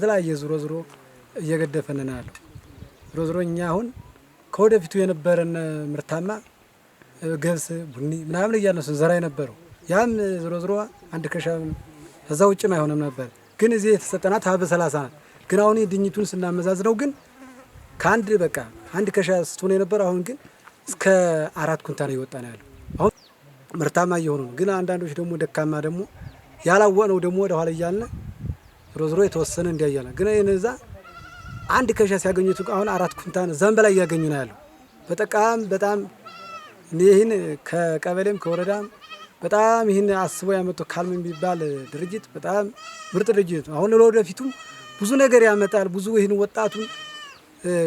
የተለያየ ዝሮ ዝሮ እየገደፈን ነው ያለው። ዝሮ ዞሮ እኛ አሁን ከወደፊቱ የነበረን ምርታማ ገብስ፣ ቡኒ ምናምን እያነሱን ዘራ የነበረው ያም ዝሮ ዝሮ አንድ ከሻ ከዛ ውጭም አይሆንም ነበር። ግን እዚህ የተሰጠናት ሀብ ሰላሳ ናት። ግን አሁን ድኝቱን ስናመዛዝነው ግን ከአንድ በቃ አንድ ከሻ ስትሆን የነበረ አሁን ግን እስከ አራት ኩንታ ነው ይወጣ ነው ያለው። አሁን ምርታማ እየሆኑ ነው። ግን አንዳንዶች ደግሞ ደካማ ደግሞ ያላወቅነው ደግሞ ወደኋላ እያልን ሮዝሮ የተወሰነ እንዲያየ ነው። ግን ይህን እዛ አንድ ከሻ ሲያገኙት አሁን አራት ኩንታን እዛም በላይ እያገኙ ነው ያለው። በጠቃም በጣም ይህን ከቀበሌም ከወረዳም በጣም ይህን አስቦ ያመጡ ካልም የሚባል ድርጅት በጣም ምርጥ ድርጅት ነው። አሁን ለወደፊቱም ብዙ ነገር ያመጣል። ብዙ ይህን ወጣቱን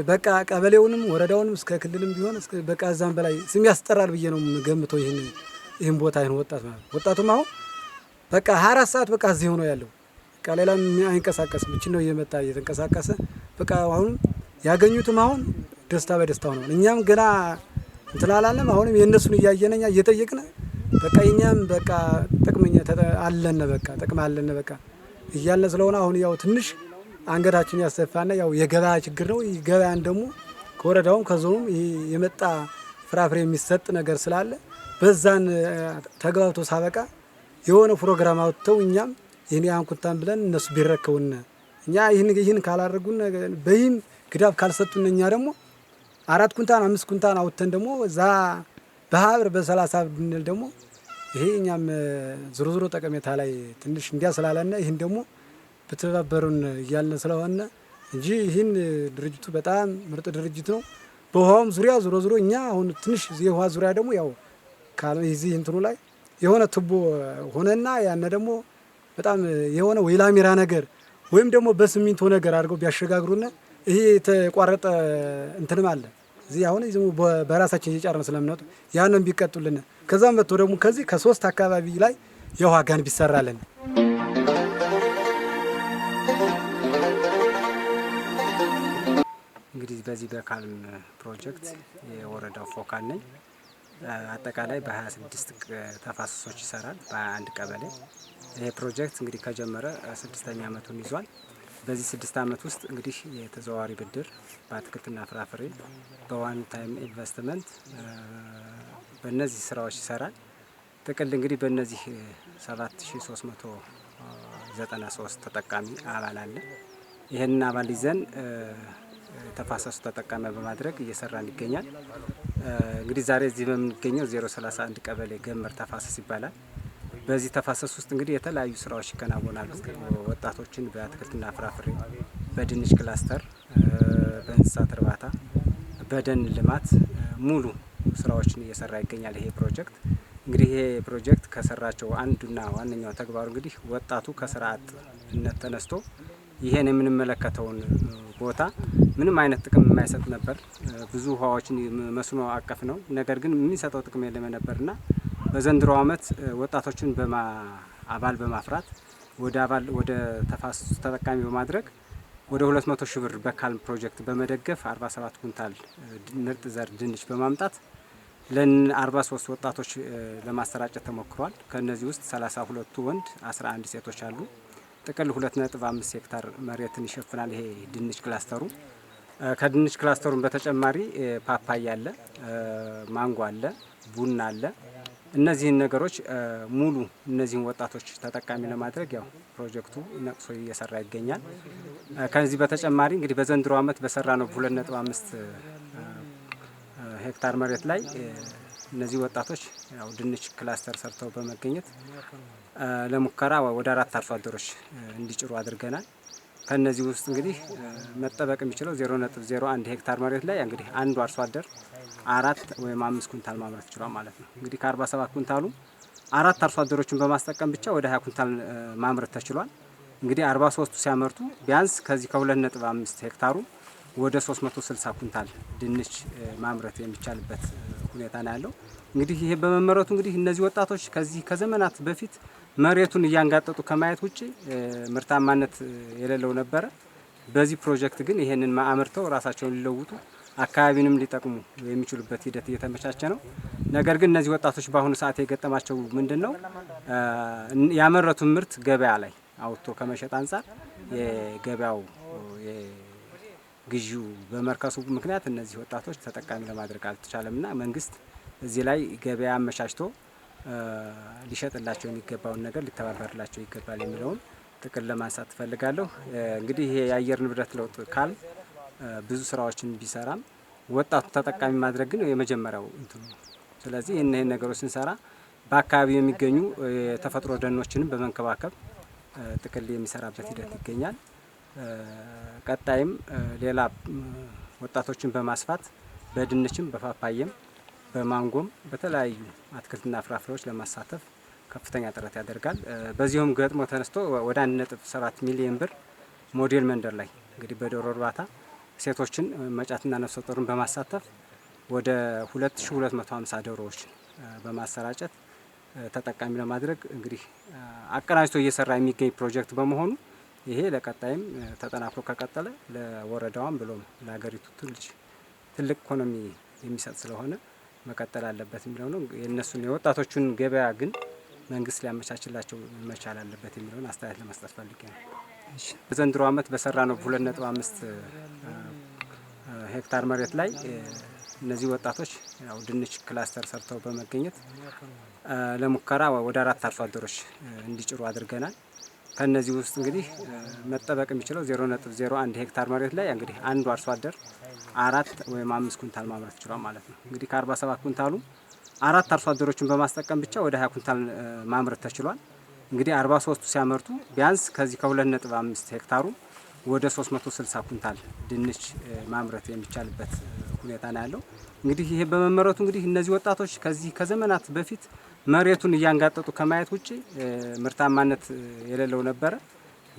በቃ ቀበሌውንም ወረዳውንም እስከ ክልልም ቢሆን በቃ እዛም በላይ ስም ያስጠራል ብዬ ነው ገምተው ይህን ይህን ቦታ ይህን ወጣት ማለት ወጣቱም አሁን በቃ ሀያ አራት ሰዓት በቃ እዚህ ሆኖ ያለው በቃ ሌላ አይንቀሳቀስም። እችን ነው እየመጣ እየተንቀሳቀሰ በቃ አሁን ያገኙትም አሁን ደስታ በደስታ ነው። እኛም ገና እንትላላለም አሁንም የእነሱን እያየነ እኛ እየጠየቅነ በቃ እኛም በቃ ጥቅምኛ አለነ በቃ ጥቅም አለነ በቃ እያለ ስለሆነ አሁን ያው ትንሽ አንገታችን ያሰፋና ያው የገበያ ችግር ነው። ገበያን ደግሞ ከወረዳውም ከዞኑም የመጣ ፍራፍሬ የሚሰጥ ነገር ስላለ በዛን ተግባብቶ ሳበቃ የሆነ ፕሮግራም አውጥተው እኛም ይህን ኩንታን ብለን እነሱ ቢረከቡን እኛ ይህን ይህን ካላደረጉን በይም ግዳብ ካልሰጡን እኛ ደግሞ አራት ኩንታን አምስት ኩንታን አውጥተን ደግሞ እዛ በሀብር በሰላሳ ብንል ደግሞ ይሄ እኛም ዝሮ ዝሮ ጠቀሜታ ላይ ትንሽ እንዲያ ስላለና ይህን ደግሞ ብትባበሩን እያልን ስለሆነ እንጂ ይህን ድርጅቱ በጣም ምርጥ ድርጅት ነው። በውሃውም ዙሪያ ዞሮ ዞሮ እኛ አሁን ትንሽ የውሃ ዙሪያ ደግሞ ያው ዚህ እንትኑ ላይ የሆነ ትቦ ሆነና ያነ ደግሞ በጣም የሆነ ወይ ላሜራ ነገር ወይም ደግሞ በስሚንቶ ነገር አድርገው ቢያሸጋግሩና ይሄ የተቋረጠ እንትንም አለ እዚህ አሁን ዝም በራሳችን እየጫርን ስለምንወጥ ያንን ቢቀጡልን ከዛም መጥቶ ደግሞ ከዚህ ከሶስት አካባቢ ላይ የውሃ ጋን ቢሰራልን እንግዲህ በዚህ በካልም ፕሮጀክት የወረዳው ፎካል ነኝ። አጠቃላይ በ26 ተፋሰሶች ይሰራል በአንድ ቀበሌ ይሄ ፕሮጀክት እንግዲህ ከጀመረ ስድስተኛ ዓመቱን ይዟል። በዚህ ስድስት ዓመት ውስጥ እንግዲህ የተዘዋዋሪ ብድር በአትክልትና ፍራፍሬ በዋን ታይም ኢንቨስትመንት በእነዚህ ስራዎች ይሰራል። ጥቅል እንግዲህ በእነዚህ 7393 ተጠቃሚ አባል አለ። ይህንን አባል ይዘን ተፋሰሱ ተጠቃሚ በማድረግ እየሰራን ይገኛል። እንግዲህ ዛሬ እዚህ በምንገኘው 031 ቀበሌ ገመር ተፋሰስ ይባላል። በዚህ ተፋሰስ ውስጥ እንግዲህ የተለያዩ ስራዎች ይከናወናሉ። ወጣቶችን በአትክልትና ፍራፍሬ፣ በድንች ክላስተር፣ በእንስሳት እርባታ፣ በደን ልማት ሙሉ ስራዎችን እየሰራ ይገኛል። ይሄ ፕሮጀክት እንግዲህ ይሄ ፕሮጀክት ከሰራቸው አንዱና ዋነኛው ተግባሩ እንግዲህ ወጣቱ ከስራ አጥነት ተነስቶ ይሄን የምንመለከተውን ቦታ ምንም አይነት ጥቅም የማይሰጥ ነበር። ብዙ ውሃዎችን መስኖ አቀፍ ነው፣ ነገር ግን የሚሰጠው ጥቅም የለም ነበርና በዘንድሮ ዓመት ወጣቶችን አባል በማፍራት ወደ አባል ወደ ተፋሰሱ ተጠቃሚ በማድረግ ወደ 200 ሺህ ብር በካልም ፕሮጀክት በመደገፍ 47 ኩንታል ምርጥ ዘር ድንች በማምጣት ለ43 ወጣቶች ለማሰራጨት ተሞክሯል። ከነዚህ ውስጥ 32ቱ ወንድ 11 ሴቶች አሉ። ጥቅል 2.5 ሄክታር መሬትን ይሸፍናል። ይሄ ድንች ክላስተሩ ከድንች ክላስተሩን በተጨማሪ ፓፓያ አለ፣ ማንጎ አለ፣ ቡና አለ፣ እነዚህን ነገሮች ሙሉ እነዚህን ወጣቶች ተጠቃሚ ለማድረግ ያው ፕሮጀክቱ ነቅሶ እየሰራ ይገኛል። ከዚህ በተጨማሪ እንግዲህ በዘንድሮ ዓመት በሰራ ነው ሁለት ነጥብ አምስት ሄክታር መሬት ላይ እነዚህ ወጣቶች ያው ድንች ክላስተር ሰርተው በመገኘት ለሙከራ ወደ አራት አርሶ አደሮች እንዲጭሩ አድርገናል። ከነዚህ ውስጥ እንግዲህ መጠበቅ የሚችለው ዜሮ ነጥብ ዜሮ አንድ ሄክታር መሬት ላይ እንግዲህ አንዱ አርሶ አደር አራት ወይም አምስት ኩንታል ማምረት ይችሏል ማለት ነው። እንግዲህ ከአርባ ሰባት ኩንታሉ አራት አርሶ አደሮችን በማስጠቀም ብቻ ወደ ሀያ ኩንታል ማምረት ተችሏል። እንግዲህ አርባ ሶስቱ ሲያመርቱ ቢያንስ ከዚህ ከሁለት ነጥብ አምስት ሄክታሩ ወደ 360 ኩንታል ድንች ማምረት የሚቻልበት ሁኔታ ነው ያለው። እንግዲህ ይሄ በመመረቱ እንግዲህ እነዚህ ወጣቶች ከዚህ ከዘመናት በፊት መሬቱን እያንጋጠጡ ከማየት ውጭ ምርታማነት የሌለው ነበረ። በዚህ ፕሮጀክት ግን ይሄንን አምርተው ራሳቸውን ሊለውጡ አካባቢንም ሊጠቅሙ የሚችሉበት ሂደት እየተመቻቸ ነው። ነገር ግን እነዚህ ወጣቶች በአሁኑ ሰዓት የገጠማቸው ምንድን ነው? ያመረቱን ምርት ገበያ ላይ አውጥቶ ከመሸጥ አንጻር የገበያው ግዢው በመርከሱ ምክንያት እነዚህ ወጣቶች ተጠቃሚ ለማድረግ አልተቻለምና መንግስት እዚህ ላይ ገበያ አመቻችቶ ሊሸጥላቸው የሚገባውን ነገር ሊተባበርላቸው ይገባል የሚለውን ጥቅል ለማንሳት ትፈልጋለሁ። እንግዲህ ይሄ የአየር ንብረት ለውጥ ካል ብዙ ስራዎችን ቢሰራም ወጣቱ ተጠቃሚ ማድረግ ግን የመጀመሪያው እንትኑ ነው። ስለዚህ ይህን ይህን ነገሮች ስንሰራ በአካባቢው የሚገኙ የተፈጥሮ ደኖችንም በመንከባከብ ጥቅል የሚሰራበት ሂደት ይገኛል። ቀጣይም ሌላ ወጣቶችን በማስፋት በድንችም በፓፓየም በማንጎም በተለያዩ አትክልትና ፍራፍሬዎች ለማሳተፍ ከፍተኛ ጥረት ያደርጋል። በዚሁም ገጥሞ ተነስቶ ወደ 1.7 ሚሊዮን ብር ሞዴል መንደር ላይ እንግዲህ በዶሮ እርባታ ሴቶችን መጫትና ነፍሰ ጡርን በማሳተፍ ወደ 2250 ዶሮዎች በማሰራጨት ተጠቃሚ ለማድረግ እንግዲህ አቀናጅቶ እየሰራ የሚገኝ ፕሮጀክት በመሆኑ ይሄ ለቀጣይም ተጠናክሮ ከቀጠለ ለወረዳዋም ብሎም ለሀገሪቱ ትልቅ ኢኮኖሚ የሚሰጥ ስለሆነ መቀጠል አለበት የሚለው ነው። የእነሱን የወጣቶቹን ገበያ ግን መንግስት ሊያመቻችላቸው መቻል አለበት የሚለውን አስተያየት ለመስጠት ፈልጌ ነው። በዘንድሮ ዓመት በሰራ ነው በሁለት ነጥብ አምስት ሄክታር መሬት ላይ እነዚህ ወጣቶች ያው ድንች ክላስተር ሰርተው በመገኘት ለሙከራ ወደ አራት አርሶ አደሮች እንዲጭሩ አድርገናል። ከነዚህ ውስጥ እንግዲህ መጠበቅ የሚችለው ዜሮ ነጥብ ዜሮ አንድ ሄክታር መሬት ላይ እንግዲህ አንዱ አርሶ አደር አራት ወይም አምስት ኩንታል ማምረት ይችሏል ማለት ነው። እንግዲህ ከአርባ ሰባት ኩንታሉ አራት አርሶ አደሮችን በማስጠቀም ብቻ ወደ ሀያ ኩንታል ማምረት ተችሏል። እንግዲህ አርባ ሶስቱ ሲያመርቱ ቢያንስ ከዚህ ከሁለት ነጥብ አምስት ሄክታሩ ወደ 360 ኩንታል ድንች ማምረት የሚቻልበት ሁኔታ ነው ያለው። እንግዲህ ይሄ በመመረቱ እንግዲህ እነዚህ ወጣቶች ከዚህ ከዘመናት በፊት መሬቱን እያንጋጠጡ ከማየት ውጭ ምርታማነት የሌለው ነበረ።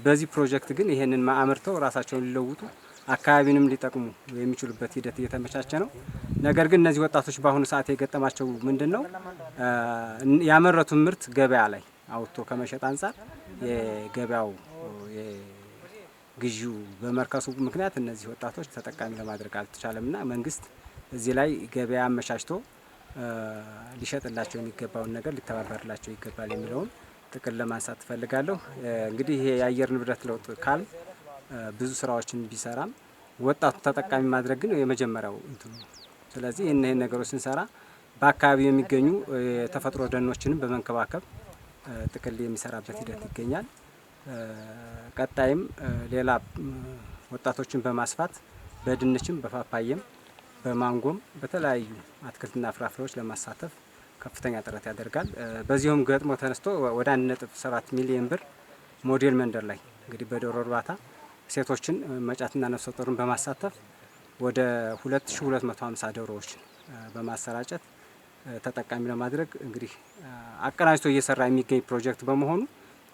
በዚህ ፕሮጀክት ግን ይሄንን አምርተው ራሳቸውን ሊለውጡ አካባቢንም ሊጠቅሙ የሚችሉበት ሂደት እየተመቻቸ ነው። ነገር ግን እነዚህ ወጣቶች በአሁኑ ሰዓት የገጠማቸው ምንድን ነው? ያመረቱን ምርት ገበያ ላይ አውጥቶ ከመሸጥ አንጻር የገበያው ግዢው በመርከሱ ምክንያት እነዚህ ወጣቶች ተጠቃሚ ለማድረግ አልተቻለምና መንግስት እዚህ ላይ ገበያ አመቻችቶ ሊሸጥላቸው የሚገባውን ነገር ሊተባበርላቸው ይገባል የሚለውን ጥቅል ለማንሳት ትፈልጋለሁ። እንግዲህ ይሄ የአየር ንብረት ለውጥ ካል ብዙ ስራዎችን ቢሰራም ወጣቱ ተጠቃሚ ማድረግ ግን የመጀመሪያው እንትኑ። ስለዚህ ይህን ይህን ነገሮች ስንሰራ በአካባቢው የሚገኙ የተፈጥሮ ደኖችንም በመንከባከብ ጥቅል የሚሰራበት ሂደት ይገኛል። ቀጣይም ሌላ ወጣቶችን በማስፋት በድንችም በፓፓየም በማንጎም በተለያዩ አትክልትና ፍራፍሬዎች ለማሳተፍ ከፍተኛ ጥረት ያደርጋል። በዚሁም ገጥሞ ተነስቶ ወደ 1.7 ሚሊዮን ብር ሞዴል መንደር ላይ እንግዲህ በዶሮ እርባታ ሴቶችን መጫትና ነፍሰ ጡርን በማሳተፍ ወደ 2250 ዶሮዎች በማሰራጨት ተጠቃሚ ለማድረግ እንግዲህ አቀናጅቶ እየሰራ የሚገኝ ፕሮጀክት በመሆኑ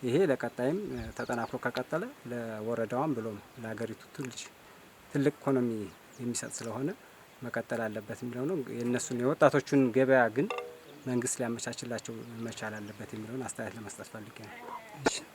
ይሄ ለቀጣይም ተጠናክሮ ከቀጠለ ለወረዳዋም ብሎም ለሀገሪቱ ትልቅ ኢኮኖሚ የሚሰጥ ስለሆነ መቀጠል አለበት የሚለው ነው። የእነሱን የወጣቶቹን ገበያ ግን መንግስት ሊያመቻችላቸው መቻል አለበት የሚለውን አስተያየት ለመስጠት ፈልጌ ነው።